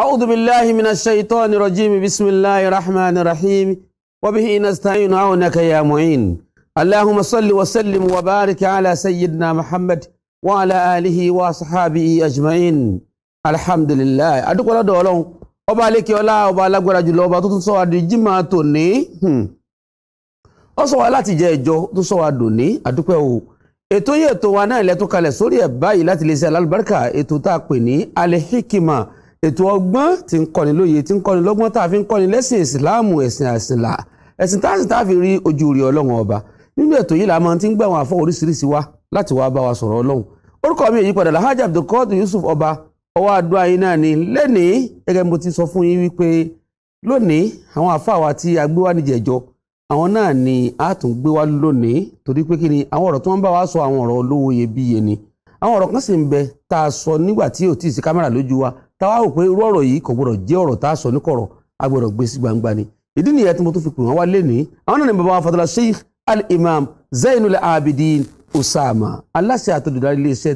أعوذ بالله من الشيطان الرجيم بسم الله الرحمن الرحيم وبه نستعين عونك يا معين اللهم صل وسلم وبارك على سيدنا محمد وعلى آله وصحابه أجمعين الحمد لله أدوك ولا دولون ọba alékè ọlá ọba alágbára jùlọ ọba tó tún sọ wa di jímọ̀ tòní hmm. ó sọ wa láti jẹ ìjọ tó sọ wa dòní àdúpẹ́ o ètò yìí ètò wa náà lẹ́tún kalẹ̀ sórí ẹ̀ báyìí láti lè ṣe alálùbáríkà ètò tá a pè ní alẹ́ hikima ètò ọgbọ́n tí ń kọ́ni lóye tí ń kọ́ni lọ́gbọ́n tá a fi ń kọ́ni lẹ́sìn ìsìláàmù ẹ̀sìn àìsìnlá ẹ̀sìn táàsì tá a fi rí ojú rí ọlọ́run ọba nínú ètò yìí la máa ti ń gbà àfọ oríṣiríṣi wá láti wá bá wa sọ̀rọ̀ ọlọ́run orúkọ mi ìyípadà Alhaji Abdulquadri Yusuf ọba ọwọ́ adó ayé náà ni lẹ́nìí gẹ́gẹ́ mo ti sọ fún yín wípé lónìí àwọn àfáà wa tí a gbé wá ni a tún gbé wá lónìí torí pé kí ni wa sọ àwọn ọ̀rọ̀ olówó iyebíye ni àwọn ọ̀rọ̀ kan sì ń bẹ táwa rò pé irú ọ̀rọ̀ yìí kò gbọdọ̀ jẹ́ ọ̀rọ̀ tá a sọ níkọ̀rọ̀ a gbọdọ̀ gbé sí gbangba ni ìdí nìyẹn tí mo tún fi pè wọ́n wá lénìí àwọn náà ni bàbá wa fatala sheikh al-imam zainul abidin usama aláṣẹ àtọ̀dọ̀dárí iléeṣẹ́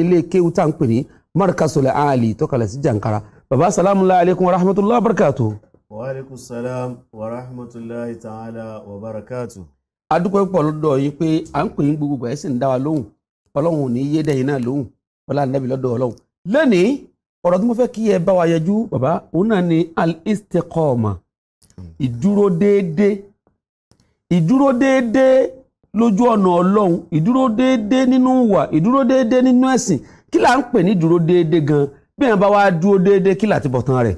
ilé kéwú tá à ń pè ní markasul ali tọkalẹ̀ sí jankara bàbá salamu alaykum wa rahmatulahi wa barakatuh. wa aleykum salam wa rahmatulahi ta'ala wa barakatuh. a dúpẹ́ púpọ̀ lọ́dọ̀ yín pé à ń pè yín gbogbo ẹ̀ sì ń dá wa ọ̀rọ̀ tí mo fẹ́ kí ẹ bá wa yẹjú bàbá òun náà ni al-istiqama ìdúró déédéé ìdúró déédéé lójú ọ̀nà ọlọ́run ìdúró déédéé nínú ìwà ìdúró déédéé nínú ẹ̀sìn kí là ń pè ní ìdúró déédéé gan bí ẹ̀ bá wá dúró déédéé kí là ti bọ̀ tán rẹ̀.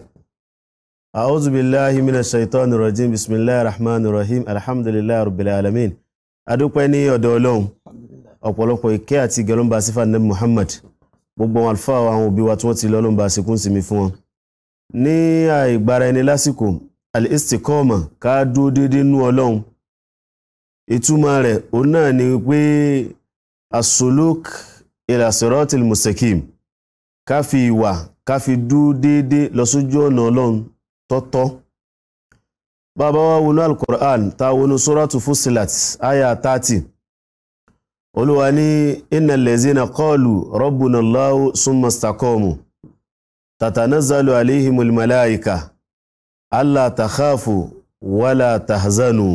a'udhu billahi minash shaitani rajim bismillahir rahmanir rahim alhamdulillahi rabbil alamin adúpẹ́ ní ọ̀dọ̀ ọlọ́run ọ̀pọ̀lọpọ̀ ìkẹ́ àti gẹ̀lọ́mbà sífà ní Muhammad gbogbo àwọn àlùfáà àwọn òbí wa tí wọ́n ti lọ ló ń ba àsìkò ń sinmi fún wọn. ní àìgbára ẹni lásìkò al ká dúró déédéé nú ọlọ́run ìtumọ̀ rẹ̀ òun náà ni pé as-suluk ila siratil mustaqim ká fi ìwà ká fi dúró déédéé lọ sójú ọ̀nà ọlọ́run tọ́tọ́ bàbá wa wọnú al-Qur'an tá a wọnú suratu olúwa ní iná lẹ́zínà kọlù rọ́bùnà láwù súnmọ́ stakọ́mù tàtànázàlù aléhì mulmalaika allah takhafu wala tahzanu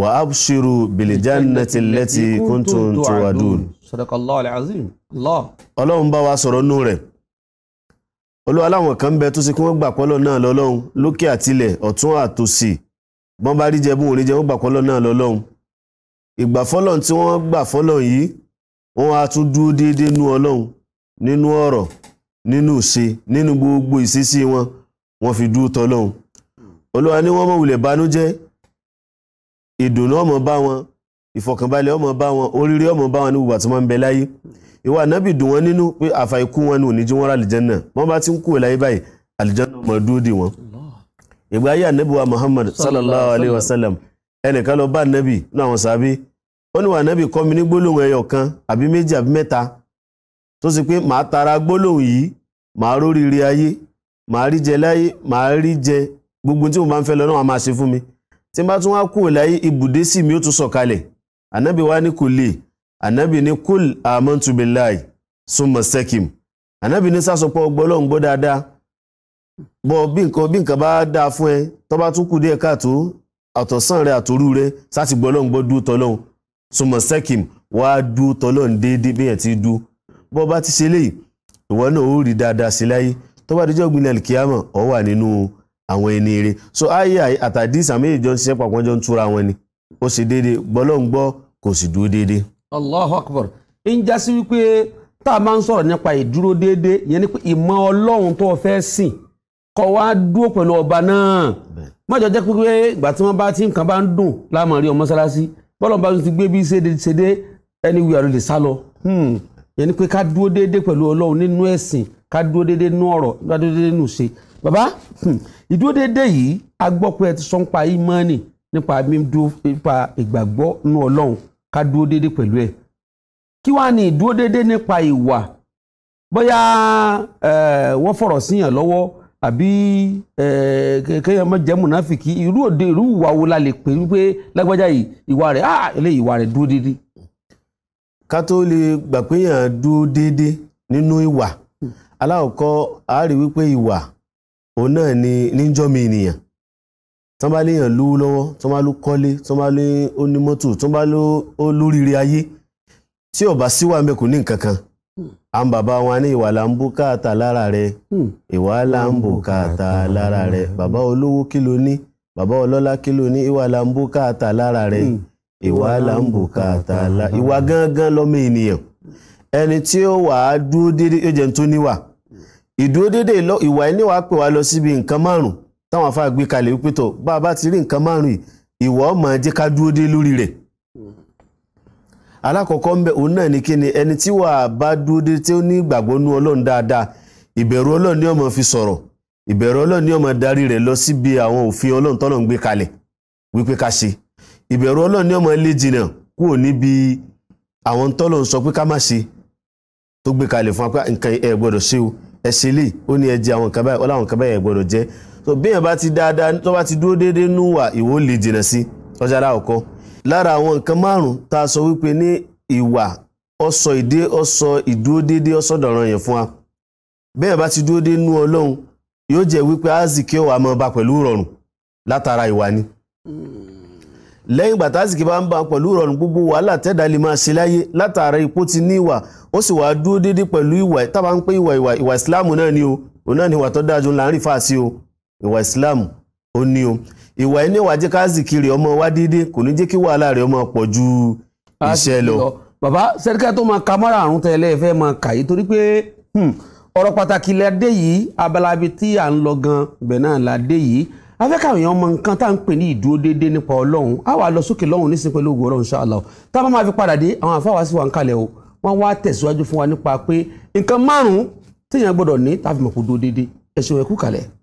wa abshiru biljannati lẹ́tì kúntùn tuwadun. ọlọ́run bá wa sọ̀rọ̀ nù rẹ̀ olúwa láwọn kan bẹ tó ṣe kí wọ́n gbà pọ́lọ́ náà lọ́lọ́run lókè àtilẹ̀ ọ̀tún àtòsì bọ́n bá rí jẹ bóun rí jẹ wọ́n gbà pọ́lọ́ náà lọ́lọ́run ìgbà fọlọ́n tí wọ́n gbà fọlọ́n yìí wọ́n á tún dúró déédéé nú ọlọ́run nínú ọ̀rọ̀ nínú ìṣe nínú gbogbo ìṣesí wọn wọ́n fi dúró tọlọ́run olúwa ní wọ́n mọ̀ wulẹ̀ banújẹ́ ìdùnnú ọmọ bá wọn ìfọ̀kànbalẹ̀ ọmọ bá wọn oríire ọmọ bá wọn ní gbogbo àti wọn ń bẹ láyé ìwà ànábì dùn wọn nínú pé àfàìkú wọn ní òní jí wọn rà àlìjẹ́nà wọn bá ti ń kú láyé báyìí àlìjẹ́nà ọmọ dúró dì wọn ìgbà ayé ànábì wa Muhammad sallallahu alayhi wa sallam ẹnìkan lọ bá nẹ́bì ní àwọn sàbí ó ní wà nẹ́bì kọ́ mi ní gbólóhùn ẹyọ kan àbí méjì àbí mẹ́ta tó sì pé màá tara gbólóhùn yìí màá róríire ayé màá rí jẹ láyé màá rí jẹ gbogbo tí mo máa ń fẹ́ lọ náà máa ṣe fún mi tí n bá tún wá kúrò láyé ibùdé sí mi ó tún sọ̀kalẹ̀ ànábì wá ní kò lè ànábì ní kúl amantu billahi summa sekim ànábì ní sásọpọ̀ gbọ́lọ́hùn gbọ́ dáadáa bọ́ bí nǹkan bá dáa fún ẹ tó bá tún kù díẹ̀ káàtó àtọ̀sán rẹ àtòrú rẹ sáti gbọ́ ọlọ́run gbọ́ dúró tọ́lọ́run súnmọ́ sẹ́kìm wá dúró tọ́lọ́run déédéé bẹ́ẹ̀ ti dú bọ́ bá ti ṣe léyìí ìwọ náà ó rí dáadáa sí láyé tó bá dijọ́ gbin lẹ́lì kíámọ̀ ọ wà nínú àwọn ẹni eré so ayé àtàdí ìsàmìlì jọ ń ṣiṣẹ́ papọ̀ jọ ń túra wọn ni ó ṣe déédéé gbọ́ ọlọ́run gbọ́ kò sì dúró déédéé. Allahu Akbar ń já sí wípé tá a máa ń sọ̀rọ̀ nípa ìdúró déédéé yẹn ni pé ìmọ̀ ọlọ́run tó fẹ́ sìn kọ́ wá dúró pẹ̀lú ọba náà mọ́jọ jẹ́ pé ìgbà tí wọ́n bá tí nǹkan bá ń dùn láàmú rí ọmọ mọ́sálásí bọ́lọ̀ bá ti gbé bí ṣéde ṣéde ẹni wíwà ló lè sá lọ. Hmm. yẹn ni pé ká dúró déédéé pẹ̀lú ọlọ́run nínú ẹ̀sìn ká dúró déédéé nínú ọ̀rọ̀ ká dúró déédéé nínú ṣe. bàbá hmm, ìdúró déédéé yìí a gbọ́ pé ẹ ti sọ nípa ìmọ̀ọ́nì nípa nípa ìgbàgbọ́ nínú ọlọ́run ká dúró déédéé pẹ̀lú ẹ̀. kí wàá ní ìdúró déédéé nípa ìwà bóyá wọ́n fọ̀rọ̀ síyàn lọ́wọ́ àbí kéèyàn má jẹ́ mùnáfìkì irú òde irú ìwà wo la lè pè wípé lágbájá yìí ìwà rẹ̀ ah eléyìí ìwà rẹ̀ dúró déédéé. ká tó lè gbà pé èèyàn dúró déédéé nínú ìwà hmm. aláwọ̀kọ́ a wípé ìwà òun náà ni níjọ́mi ènìyàn tán bá léèyàn lówó lọ́wọ́ tán bá ló kọ́lé tán bá ló onímọ́tò tán bá ló lóríire ayé tí ó bá síwà ní nǹkan kan Hmm. àwọn bàbá wọn ní ìwà là ń bùkátà lára rẹ hmm. ìwà là ń bùkátà lára rẹ hmm. bàbá olówó kí ló ní bàbá ọlọ́lá kí ló ní ìwà là ń bùkátà lára rẹ ìwà là ń bùkátà lára ìwà gángan lọ́mọ ènìyàn ẹni tí ó wà á dúró déédéé yóò jẹ́ tó níwà ìdúró déédéé ìwà ẹni wàá pè wá lọ síbi nǹkan márùn táwọn afáà kalẹ̀ wípé tó bá a bá ti rí nǹkan márùn ìwà ọmọ jẹ́ ká dúró dé lórí rẹ̀ alákọ̀ọ́kọ́ ń bẹ òun náà ni kíni ẹni tí wàá bá dúró dé tí ó ní ìgbàgbọ́ nú ọlọ́run dáadáa ìbẹ̀rù ọlọ́run ni ó máa fi sọ̀rọ̀ ìbẹ̀rù ọlọ́run ni ó máa darí rẹ̀ lọ síbi àwọn òfin ọlọ́run tọ́nà ń gbé kalẹ̀ wípé ká ṣe ìbẹ̀rù ọlọ́run ni ó máa lé jìnnà kúrò níbi àwọn tọ́lọ̀ ń sọ pé ká má ṣe tó gbé kalẹ̀ fún apá nǹkan ẹ gbọ́dọ̀ ṣe o ẹ ṣe lè ó ní ẹ jẹ àwọn kan báyìí ọláwọn kan báyìí ẹ gbọ́dọ̀ jẹ tó bí èèyàn bá ti dáadáa tó bá ti dúró déédéé nú wà ìwọ lè jìnnà sí ọjà aláwọ̀ lára àwọn nǹkan márùn-ún tá a sọ wípé ní ìwà ọsọ ìdé ọsọ ìdúró déédé ọsọ dọ̀ràn yẹn fún wa bẹ́ẹ̀ bá ti dúró dé nú ọlọ́run yóò jẹ́ wípé azikẹ́ wà máa bá pẹ̀lú rọrùn látara ìwà ni lẹ́yìn ìgbà tásìkì bá ń bá pẹ̀lú ìrọ̀rùn gbogbo wàhálà tẹ́dà lè máa ṣe láyé látara ipò ti ní ìwà ó sì wàá dúró déédé pẹ̀lú ìwà tábà ń pé ìwà ìwà ìwà ìsìláàmù náà ni o òun náà ni ìwà tó dáa jù ńlá ń rí fàá sí o ìwà ìsìláàmù ó ní o ìwà ẹni wàá jẹ́ ká zikiri ọmọ wa déédéé kò ní jẹ́ kí wàhálà rẹ̀ ọmọ pọ̀ ju iṣẹ́ lọ. bàbá sẹ́ríkà tó máa ka mọ́ra àrùn tẹ́lẹ̀ fẹ́ máa kà yìí torí pé hmm, ọ̀rọ̀ pàtàkì ládé yìí abalabi tí à ń lọ gan ibẹ̀ náà ládé yìí afẹ́kàwọn èèyàn mọ nǹkan tá à ń pè ní ìdúró déédéé nípa ọlọ́run á wà lọ sókè lọ́hùn nísìnyí pẹ̀lú ògùn ọlọ́run ṣáàlà tá a bá máa fi padà dé àwọn àfáwá sí wa ń kalẹ̀ o wọ́n wá tẹ̀síwájú fún wa nípa pé nǹkan márùn-ún téèyàn gbọ́dọ̀ ní tá a fi mọ̀ kó dúró déédéé ẹ̀ṣẹ̀ wẹ̀ kalẹ̀.